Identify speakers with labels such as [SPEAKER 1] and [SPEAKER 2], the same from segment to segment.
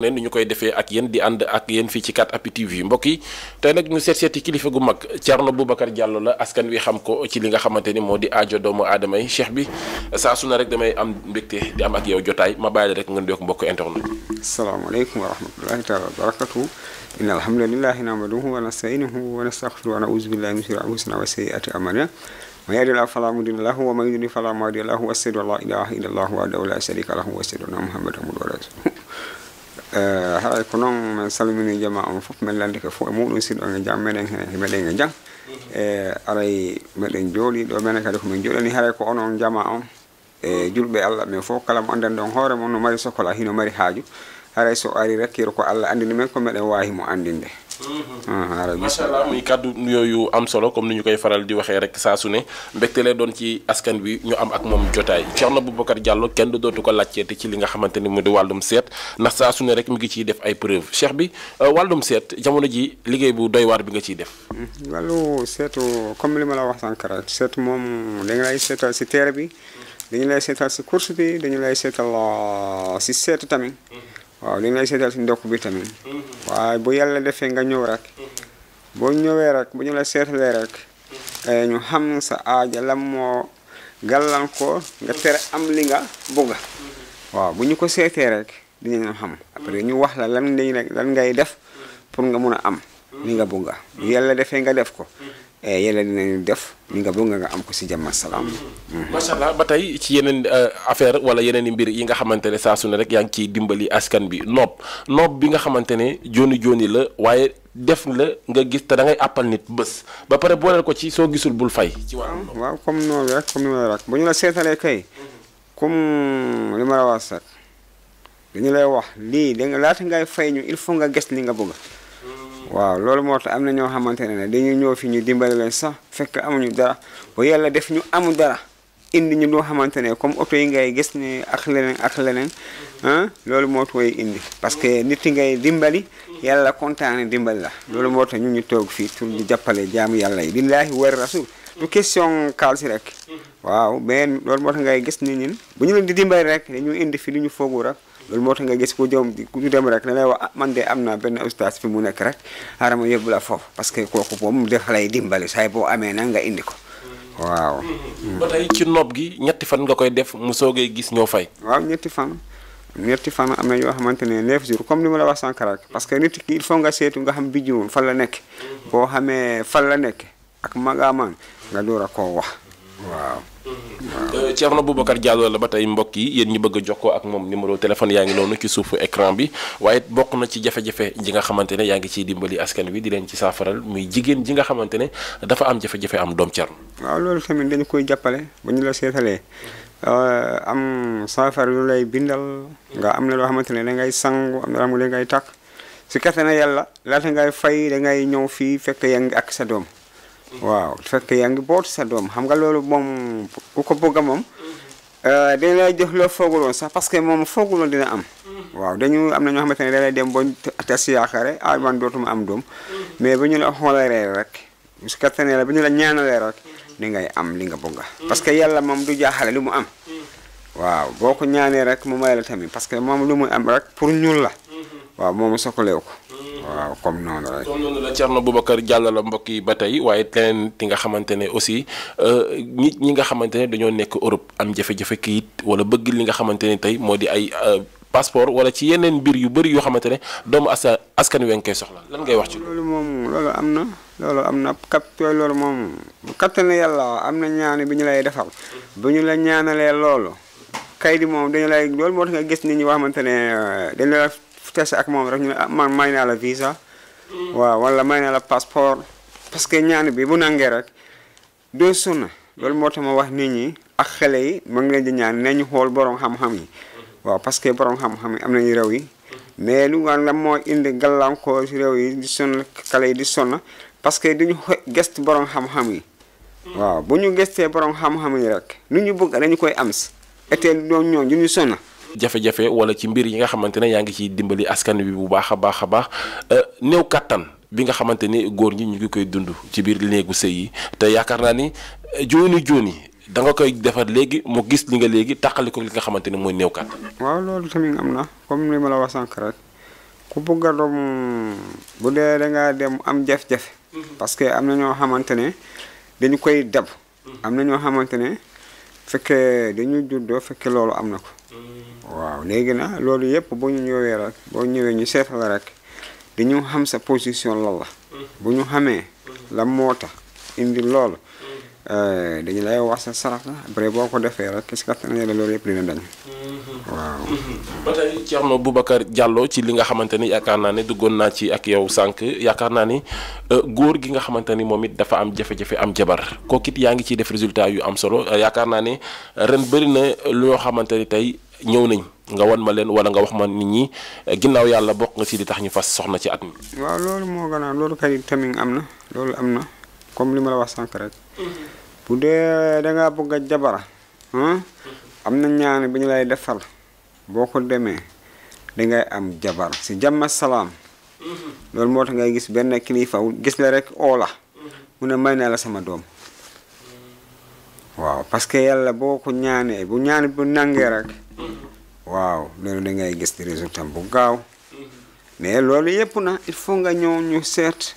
[SPEAKER 1] leen ñu koy defee ak yéen di ànd ak yéen fii ci kat appuis TV mbokk yi tey nag ñu seet seeti kilifa gu mag Thierno Boubacar Diallo la askan wi xam ko ci li nga xamante ni moo di aajo doomu aadama yi bi saa su na rek damay am mbégte di am ak yow jotaay ma bàyyi rek nga nuyoo mbokk internet. a
[SPEAKER 2] wa rahmatullahi taala wa barakatuh inna alhamdulillahi nahmaduhu wa nastainuhu wa nastaghfiruhu wa na'uzu billahi min shururi anfusina wa sayyiati a'malina man yahdihillahu fala mudilla lahu wa man yudlil fala wa ashhadu an la haɗay eh, ko noon min salmini jama on fof min lande ko fof e muɗum siɗo en jam meɗen e meɗen e jang e eh, meɗen jooɗi ɗo menen kadi komin jooɗani haray ko onon jama on e julɓe allah min fof kala mo andan ɗon hoore mon no mari sokola hino mari haaju haray so ari rekkiro ko allah andini men ko meɗen wawi mo andinde Mm-hmm.
[SPEAKER 1] Mm-hmm. Mm-hmm. macha allah muy kàddu yooyu am solo comme ni ñu koy faral di waxee rek saa su ne mbégte lay doon ci askan bi ñu am ak moom jotaay Thierno Boubacar Diallo kenn du dootu ko laajteeti ci li nga xamante ni mu di wàllum seet ndax saa su rek mu ngi ciy def ay preuve cheikh bi euh, wàllum seet jamono ji liggéey bu doy waar bi nga ciy def.
[SPEAKER 2] seetu comme li ma la wax sànq rek moom dañu lay seetal si teere bi dañu lay seetal si course bi dañu lay seetal si euh, seetu tamit. waaw li ngay seetal si ndokk bi tamit waaye bu yàlla defee nga ñëw rek boo ñëwee rek bu ñu la seetalee rek eh, ñu xam sa aaja lan moo gàllankoor nga tere am li nga bëgg waaw bu ñu ko seetee rek dinañ xam après ñu wax la lan ngay lan ngay def pour nga mun a am ni nga bëgg yàlla defee nga def ko. Eh, yàlla dinañu def ni nga bëgg nga am ko si jàmm salaam. Mm-hmm.
[SPEAKER 1] ba tey ci yeneen eh, affaire wala yeneen i mbir yi nga xamante ne saa su rek yaa ngi ciy dimbali askan bi nopp nopp bi nga xamante ne jooni jooni la waaye def la nga gis te da ngay àppal nit bés ba pare booleel ko ci soo gisul bul fay. ci
[SPEAKER 2] wàllu waaw comme noonu rek comme noonu rek bu ñu la seetalee kay. comme li ma la dañu lay wax lii da laata ngay fay ñu il faut nga gis li nga bëgg. waaw loolu moo tax am na ñoo xamante ne dañuy ñëw fi ñu dimbali leen sax fekk amuñu dara ba yàlla def ñu amu dara indi ñu loo xamante ne comme oto yi ngay gis ne ak leneen ak leneen ah, loolu moo tooy indi parce que nit yi ngay dimbali yàlla kontaane dimbali la loolu moo ñu ñu toog fii pour ñu jàppale jaamu yàlla yi billaahi war rasul du question xaalis rek waaw mais loolu moo tax ngay gis nit ñin bu ñu leen di dimbali rek ñu indi fi lu ñu foogu rek loolu moo tax nga gis ku jom ku du dem rek da ngay wax man de am naa benn ustaas fi mu nekk rek xaaral ma yóbbu la parce que kooku moom def lay dimbali saay boo amee na nga indi ko waaw. ba tey ci nopp gi ñetti fan nga koy def mu soogee gis ñoo fay. waaw ñetti fan. ñetti fan amee na yoo xamante ne neuf jours comme ni ma la wax sànq rek parce que nit ki il faut nga seetu nga xam biddiwam fan la nekk boo xamee fan la nekk ak magaamaan nga door a koo wax
[SPEAKER 1] waaw. bu euh, Boubacar Diallo la ba tey mbokk yi yéen ñi bëgg a jokkoo ak moom numéro téléphone yaa ngi noonu ci suufu écran bi waaye bokk na ci jafe-jafe ji nga xamante ne yaa ngi ciy dimbali askan wi di leen ci saafaral muy jigéen ji nga xamante ne dafa am jafe-jafe am doom Thierno. waaw
[SPEAKER 2] loolu tamit dañu koy jàppale
[SPEAKER 1] bu ñu la seetalee
[SPEAKER 2] euh, am saafara lu lay bindal nga am na loo xamante ne da ngay sangu am na loo xamante ne da ngay tàkk si kese na yàlla laata ngay fay da ngay ñëw fii fekk yaa ngi ak sa doom. waaw su fekkee yaa boot sa doom xam nga loolu moom ku ko bëgg a moom. Euh, dina lay jox loo fooguloon sax parce que moom fooguloon dina am. waaw dañu am na ñoo xamante ne da lay dem ba tas yaakaare ah am doom. mais bu ñu la xoolaree rek. su kattanee la ñu la ñaanalee rek. di ngay am li nga bëgg parce que yàlla moom du jaaxale lu mu am. waaw boo ko ñaanee rek mu may la tamit parce que moom lu mu am rek pour ñuul la.
[SPEAKER 1] waaw moom soxalewu ko. waaw comme noonu rek. comme noonu la Thierno Boubacar la mbokk yi ba tey waaye teneen ti nga xamante ne aussi euh, nit ñi nga xamante ne dañoo nekk Europe am jafe-jafe kayit wala bëgg li nga xamante ne tey moo di ay euh, passeport wala ci yeneen mbir yu bëri yoo xamante ne doomu asa askan wi koy soxla lan ngay wax ci.
[SPEAKER 2] loolu moom loolu am na loolu am na kat yooyu loolu moom kattan yàlla am na ñaan bi ñu lay defal. bu ñu la ñaanalee loolu. kayit bi moom dañu lay loolu moo tax nga gis nit ñi xamante ne euh, dañu tase ak moom rek ah, man may naa la visa. waaw wala may naa la passeport. parce que ñaan bi bu nangee rek doo sonn loolu moo tax ma wax nit ñi ak xale yi ma ngi di ñaan nañu xool borom xam-xam yi. waaw parce que borom xam-xam yi am nañu réew yi. mais lu war la moo indi gàllankoor si réew yi di sonn xale yi di sonn parce que duñu gëstu borom xam-xam yi. waaw bu ñu gëstee borom xam-xam yi rek nu ñu bëgg dañu koy am
[SPEAKER 1] si. été ñoom ñoom ñu jafe-jafe wala ci mbir yi nga xamante ne yaa ngi ciy dimbali askan wi bu baax a baax a baax euh, néew kattan bi nga xamante ni góor ñi ñu ngi koy dund ci biir néegu sëy yi te yaakaar naa ni euh, jooni jooni da nga koy defar léegi mu gis li nga léegi taqali ko li nga xamante ni mooy néew kattan.
[SPEAKER 2] waaw loolu tamit am na comme li ma la wax sànq rek ku bëgg a doom bu dee da ngaa dem am jafe-jafe. Mhm. parce que am na ñoo xamante ne dañu koy dab. Mhm. am na ñoo xamante ne fekkee dañuy juddoo fekkee loolu am na ko. waaw léegi na loolu yëpp boo ñëwee rek boo ñëwee ñu seet la rek di ñu xam sa position lan la mm-hmm. bu ñu xamee mm-hmm. la moo tax indi loolu mm-hmm. eh, dañu lay wax sa sarax la après boo ko defee rek est-ce que la loolu yëpp dina dañ
[SPEAKER 1] waaw. ba tey Thierno Boubacar Diallo ci li nga xamante ni yaakaar naa ne duggoon naa ci ak yow sànq yaakaar naa ni eh, góor gi nga xamante ni moom it dafa am jafe-jafe am jabar kookit yaa ngi ciy def résultat yu am solo yaakaar naa ne ren bëri na loo xamante ni tey. ñëw nañ nga wan ma leen wala nga wax ma nit ñi ginnaaw yàlla bokk nga si di tax ñu fas soxna ci at mi.
[SPEAKER 2] waaw loolu moo gën a loolu kay tamit am na loolu am na comme li ma wax sànq rek. dee da bëgg a jabara am na ñaan bi ñu lay defal boo ko demee dangay am jabar si jàmm salaam. loolu moo tax ngay gis benn kilifa gis la rek oo la mu ne may naa la sama doom. waaw parce yàlla boo ko ñaanee bu ñaan bu nangee rek. waaw loolu da ngay gis résultat bu gaaw mais loolu yëpp na il faut nga ñëw ñu seet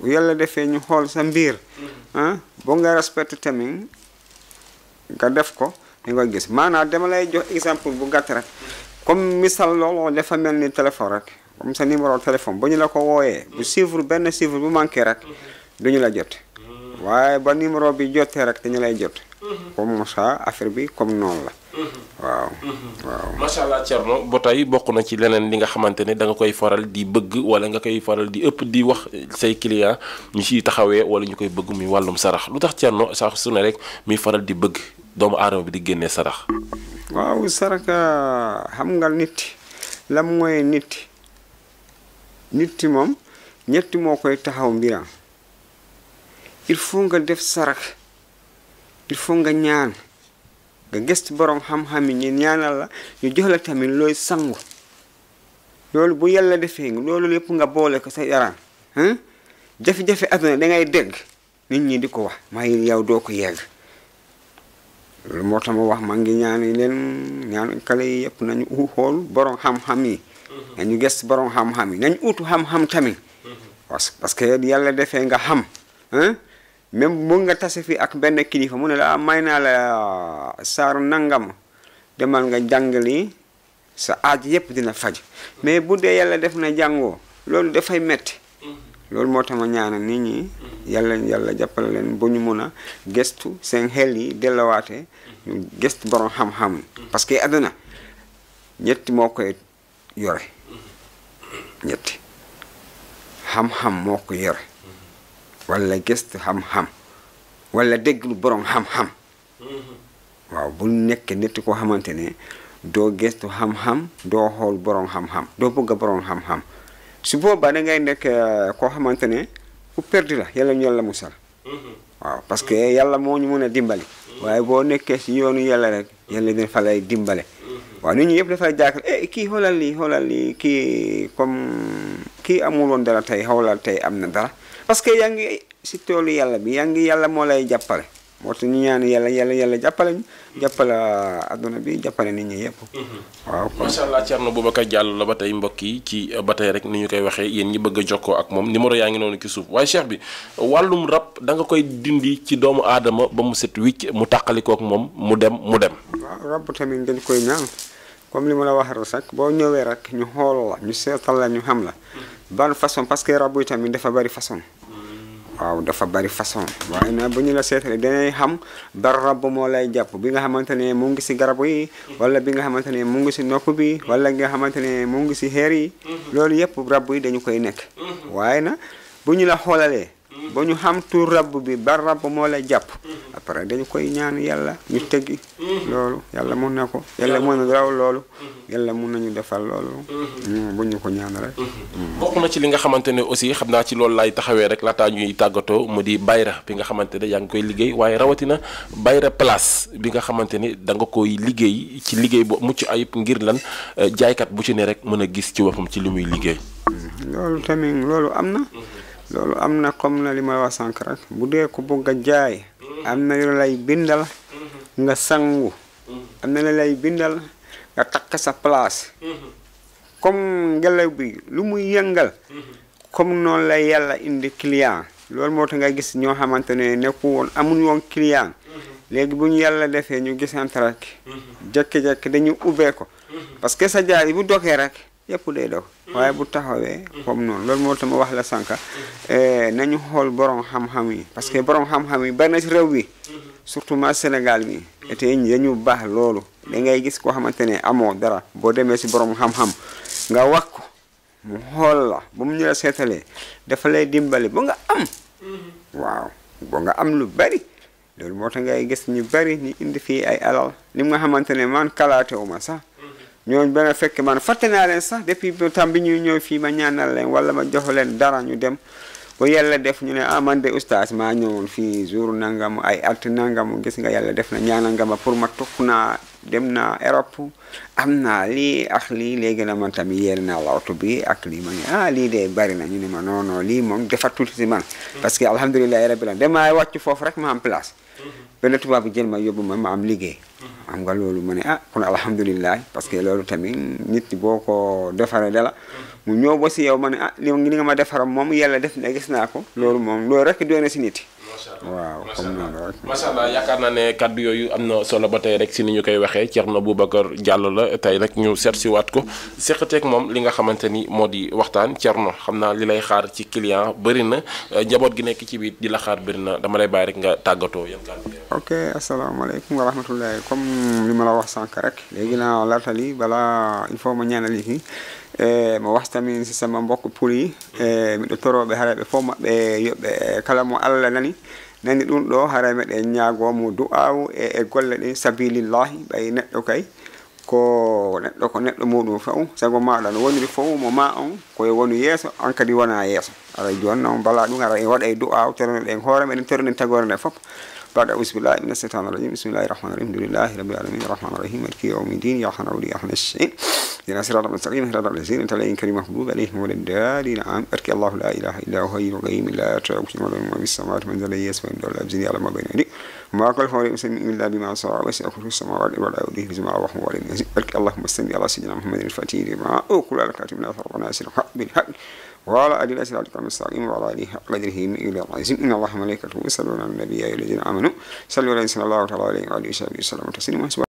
[SPEAKER 2] bu yàlla defee ñu xool sa mbir ah boo nga respecté tamit nga def ko di nga gis maanaam dama lay jox exemple bu gàtt rek comme missal loolu dafa mel ni téléphone rek comme sa numéro téléphone bu ñu la ko wooyee bu chiffre benn chiffre bu manqué rek ñu la jot waaye ba numéro bi jotee rek dañu lay jot comme ça affaire bi
[SPEAKER 1] comme noonu la waaw waaw allah Thierno ba tey bokk na ci leneen li nga xamante ne danga koy faral di bëgg wala nga koy faral di ëpp di wax say client ñu ciy taxawee wala ñu koy bëgg muy wàllum sarax lu tax Thierno saa su ne rek muy faral di bëgg doomu aadama bi di génnee sarax. waaw
[SPEAKER 2] saraka ah, xam nga nit lam mooy nit nit moom ñetti moo koy taxaw mbiram il faut nga def sarax il faut nga ñaan. nga gëstu borom xam-xam yi ñu ñaanal la ñu jox la tamit looy sangu loolu bu yàlla defee loolu lépp nga boole ko sa yaram jafe-jafe adduna dangay dégg nit ñi di ko wax may yow doo ko yegg loolu moo tax ma wax maa ngi ñaan leen ñaan kale yi yëpp nañu u xool borom xam-xam yi mm-hmm. nañu gëstu borom xam-xam yi nañu utu xam tamit mm-hmm. parce que defee nga xam même mu nga tase fii ak benn kilifa mu ne la ah, may naa la ah, saar nangam demal nga jàngali sa aaj yépp dina faj mais bu dee yàlla def na jàngoo loolu dafay metti loolu moo tax ma ñaanal ñi yàlla yàlla jàppale leen bu ñu mun a gëstu seen xel yi dellowaate ñu gëstu borom xam-xam parce que àdduna ñetti moo koy yore ñetti xam-xam moo ko yore wala gëstu xam-xam wala déglu borom xam-xam mm-hmm. waaw bu nekkee nit koo xamante ne doo gëstu xam-xam doo xool borom xam-xam doo bëgg borom xam-xam su boobaa da ngay nekk euh, koo xamante ne ku perdu la yàlla ñu yàlla musal mm-hmm. waaw parce que yàlla moo ñu mën a dimbali mm-hmm. waaye boo nekkee si yoonu yàlla rek yàlla dina fa lay dimbale waaw nit ñi yëpp dafay jàkkal eh, kii xoolal lii xoolal lii kii comme kii amul woon dara tey xoolal tey am na dara parce que yaa ngi si toolu yàlla bi yaa ngi yàlla moo lay jàppale moo tax ñu ñaan yàlla yàlla yàlla jàppale ñu jàppale adduna jàppale nit ñi yëpp
[SPEAKER 1] mm-hmm. waaw macha allah Thierno ko jàll la ba tey mbokk yi ci uh, ba tey rek ni ñu koy waxee yéen ñi bëgg a jokkoo ak moom numéro yaa ngi noonu ci suuf waaye cheikh bi wàllum rab danga koy dindi ci doomu aadama ba mu set wicc mu tàqalikoo moom mu dem mu dem
[SPEAKER 2] waaw rab tamit dañ koy ñaan comme li ma la wax rek boo ñëwee rek ñu xool la ñu xam la mm-hmm. bal façon parce que rabu tamit dafa bari façon waaw dafa bari façon waaye nag bu ñu la seetalee danay xam bar rab moo lay jàpp bi nga xamante ne mu ngi si garabu yi wala bi nga xamante ne mu ngi si nopp bi wala nga xamante ne mu ngi si xeer yi loolu yëpp rab yi dañu koy nekk mm-hmm. waaye nag bu ñu la xoolalee ba ñu xam tur rabb bi ba rab moo lay jàpp après dañu koy ñaan yàlla ñu tëggi loolu yàlla mun na ko yàlla mun na raw loolu yàlla mun nañu defal loolu bu
[SPEAKER 1] ñu ko ñaan rek bokk na ci li nga xamante ne aussi xam naa ci loolu laay taxawee rek laataa ñuy tàggatoo mu di bayra bi nga xamante ne yaa ngi koy liggéey waaye rawatina bayra place bi nga xamante ni da koy liggéey ci liggéey bu mucc ayib ngir lan eh, jaaykat bu ci ne rek mën a gis ci boppam ci li muy liggéey mm-hmm.
[SPEAKER 2] loolu tamit loolu am na loolu am na comme na li may wax sànq rek bu dee ko bëgg a jaay am na lay bindal nga sangu am na lay bindal nga takk sa place comme ngelaw bi lu muy yëngal comme noonu lay yàlla indi client loolu moo tax nga gis ñoo xamante ne nekku woon amuñ woon client léegi bu ñu yàlla defee ñu gisante rek jékki-jékki dañu ubbee ko parce que sa jaay bu dokee rek yëpp day daw waaye bu taxawee comme noonu loolu moo tax ma wax la sànq eh, nañu xool borom xam-xam yi parce que borom xam-xam yi bari na ci réew bi surtout ma Sénégal bi te dañu baax loolu da ngay gis koo xamante ne amoo dara boo demee si borom xam-xam nga wax ko mu xool la ba mu ñu la seetalee dafa lay dimbali ba nga am waaw ba nga am lu bari loolu moo tax ngay gis ñu bari ñu indi fii ay alal li nga xamante ne man kalaatewuma sax ñooñu ba nga fekk man fàtte naa leen sax depuis temps bi ñuy ñëw fii ma ñaanal leen wala ma jox leen dara ñu dem ba yàlla def ñu ne ah man de oustaz maa jour nangamu ay at nangamu gis nga yàlla def na ñaanal ma pour ma tukk naa dem na Europe am na lii ak lii léegi na man tamit yéel naa lawtu bi ak lii ma ne ah, lii de bari na ñu ne ma non non lii moom tuuti si man. Hmm. parce que alhamdulilah rabbil alamin demaay wàcc foofu rek ma am place. Hmm. benn tubaab bi jël ma yóbbu ma ma am liggéey. Hmm. xam nga loolu ma ne ah kon alhamdulilah parce que loolu tamit nit boo ko defaree dala
[SPEAKER 1] mu ñoowo ba si yow ma ne ah ni
[SPEAKER 2] nga ma defaram moom yàlla def na gis naa ko loolu moom loolu rek doy si nit
[SPEAKER 1] waaw xam naa rek yaakaar naa ne kaddu yooyu am na solo ba tey rek si ni ñu koy waxee Thierno Boubacar Diallo la tey nag ñu seet si waat ko seqateeg moom li nga xamante ni moo di waxtaan Thierno xam naa li lay xaar ci client bëri na euh, njaboot gi nekk ci biir di la xaar bëri na dama lay bàyyi rek nga tàggatoo yan kàddu
[SPEAKER 2] ok asalaamaaleykum wa rahmatullahi comme li ma la wax sànq rek léegi naa laata lii balaa il faut ma ñaanal yi Eh, mo mi wastamin si sama mbokko puuli e eh, miɗo toroɓe haraɓe fof maɓɓe yoɓɓe eh, kala mo allah nani nani ɗum ɗo hara meɗen ñaagomo du'awu e e golle ɗin sabilillahi ɓay neɗɗo kay ko neɗɗo ko neɗɗo muɗum faw no woniri fof mo ma on koye woni yeeso on kadi wona yeeso ara joni noon mbala ɗum ara en waɗa e du'aw tornoɗen hoore meɗen tornen tagore nde fof بعد أعوذ بالله من الشيطان الرجيم بسم الله الرحمن الرحيم الحمد لله رب العالمين الرحمن الرحيم مالك يوم الدين إياك نعبد وإياك نستعين اهدنا الصراط المستقيم صراط الذين أنعمت عليهم غير المغضوب عليهم ولا الضالين آمين بارك الله لا إله إلا هو الحي القيوم لا تأخذه سنة ولا السماوات من ذا الذي يسمع الدعاء الأبزين يعلم ما بين يديه وما كل فور مسلم إلا بما شاء وسع كل السماوات والأرض بما وهو على بارك اللهم صل على سيدنا محمد الفاتح لما أوكل لك من أثر وناصر بالحق وعلى آل صراطك المستقيم وعلى آله حق قدره مئويل العظيم إن الله وملائكته يصلون على النبي يا أيها الذين آمنوا صلوا عليه وسلموا الله تعالى عليه وآله وصحبه وسلم تسليما